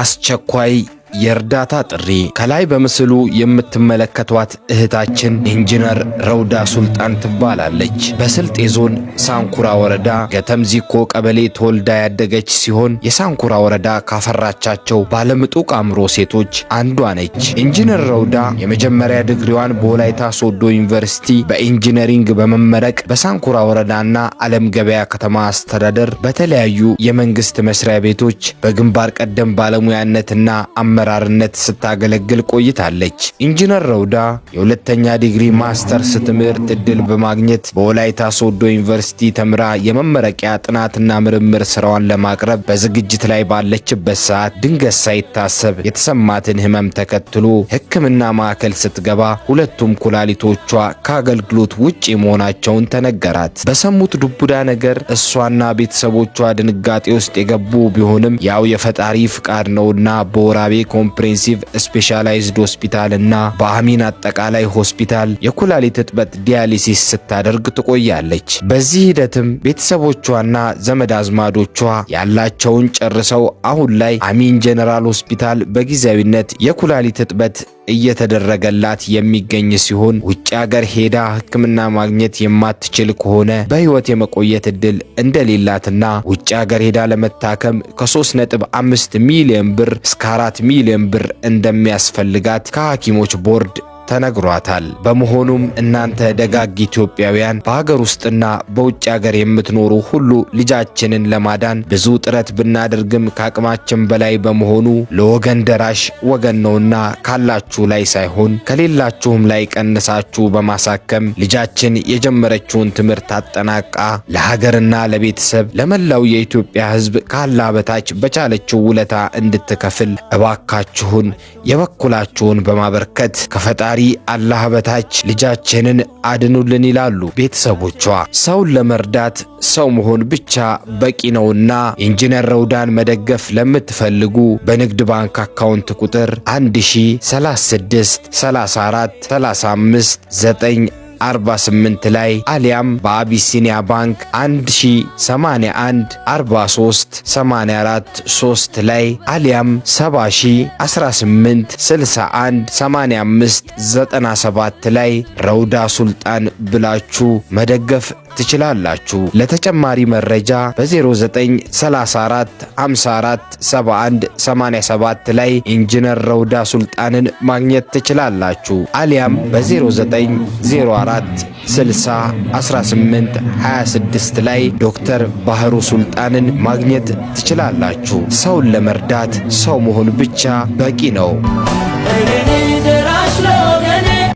አስቸኳይ የእርዳታ ጥሪ ከላይ በምስሉ የምትመለከቷት እህታችን ኢንጂነር ረውዳ ሱልጣን ትባላለች። በስልጤ ዞን ሳንኩራ ወረዳ ገተምዚኮ ቀበሌ ተወልዳ ያደገች ሲሆን የሳንኩራ ወረዳ ካፈራቻቸው ባለምጡቅ አእምሮ ሴቶች አንዷ ነች። ኢንጂነር ረውዳ የመጀመሪያ ድግሪዋን በወላይታ ሶዶ ዩኒቨርሲቲ በኢንጂነሪንግ በመመረቅ በሳንኩራ ወረዳና ዓለም ገበያ ከተማ አስተዳደር በተለያዩ የመንግስት መስሪያ ቤቶች በግንባር ቀደም ባለሙያነትና አመ በአመራርነት ስታገለግል ቆይታለች። ኢንጂነር ረውዳ የሁለተኛ ዲግሪ ማስተርስ ትምህርት ዕድል በማግኘት በወላይታ ሶዶ ዩኒቨርሲቲ ተምራ የመመረቂያ ጥናትና ምርምር ስራዋን ለማቅረብ በዝግጅት ላይ ባለችበት ሰዓት ድንገት ሳይታሰብ የተሰማትን ህመም ተከትሎ ሕክምና ማዕከል ስትገባ ሁለቱም ኩላሊቶቿ ከአገልግሎት ውጪ መሆናቸውን ተነገራት። በሰሙት ዱቡዳ ነገር እሷና ቤተሰቦቿ ድንጋጤ ውስጥ የገቡ ቢሆንም ያው የፈጣሪ ፍቃድ ነውና በወራቤ ኮምፕሬንሲቭ ስፔሻላይዝድ ሆስፒታል እና በአሚን አጠቃላይ ሆስፒታል የኩላሊት እጥበት ዲያሊሲስ ስታደርግ ትቆያለች። በዚህ ሂደትም ቤተሰቦቿና ዘመድ አዝማዶቿ ያላቸውን ጨርሰው አሁን ላይ አሚን ጄኔራል ሆስፒታል በጊዜያዊነት የኩላሊት እጥበት እየተደረገላት የሚገኝ ሲሆን ውጭ ሀገር ሄዳ ሕክምና ማግኘት የማትችል ከሆነ በህይወት የመቆየት እድል እንደሌላትና ውጭ ሀገር ሄዳ ለመታከም ከ3.5 ሚሊዮን ብር እስከ 4 ሚሊዮን ብር እንደሚያስፈልጋት ከሐኪሞች ቦርድ ተነግሯታል። በመሆኑም እናንተ ደጋግ ኢትዮጵያውያን በሀገር ውስጥና በውጭ ሀገር የምትኖሩ ሁሉ ልጃችንን ለማዳን ብዙ ጥረት ብናደርግም ከአቅማችን በላይ በመሆኑ ለወገን ደራሽ ወገን ነውና ካላችሁ ላይ ሳይሆን ከሌላችሁም ላይ ቀንሳችሁ በማሳከም ልጃችን የጀመረችውን ትምህርት አጠናቃ ለሀገርና ለቤተሰብ ለመላው የኢትዮጵያ ሕዝብ ካላ በታች በቻለችው ውለታ እንድትከፍል እባካችሁን የበኩላችሁን በማበርከት ከፈጣ ከፈጣሪ አላህ በታች ልጃችንን አድኑልን ይላሉ ቤተሰቦቿ። ሰውን ለመርዳት ሰው መሆን ብቻ በቂ ነውና ኢንጂነር ረውዳን መደገፍ ለምትፈልጉ በንግድ ባንክ አካውንት ቁጥር 36 34 35 9 48 ላይ አሊያም በአቢሲኒያ ባንክ 1081 43 84 3 ላይ አሊያም 18 61 85 97 ላይ ረውዳ ሱልጣን ብላችሁ መደገፍ ትችላላችሁ። ለተጨማሪ መረጃ በ0934 54 71 87 ላይ ኢንጂነር ረውዳ ሱልጣንን ማግኘት ትችላላችሁ። አሊያም በ0904 44 60 18 26 ላይ ዶክተር ባህሩ ሱልጣንን ማግኘት ትችላላችሁ። ሰውን ለመርዳት ሰው መሆን ብቻ በቂ ነው።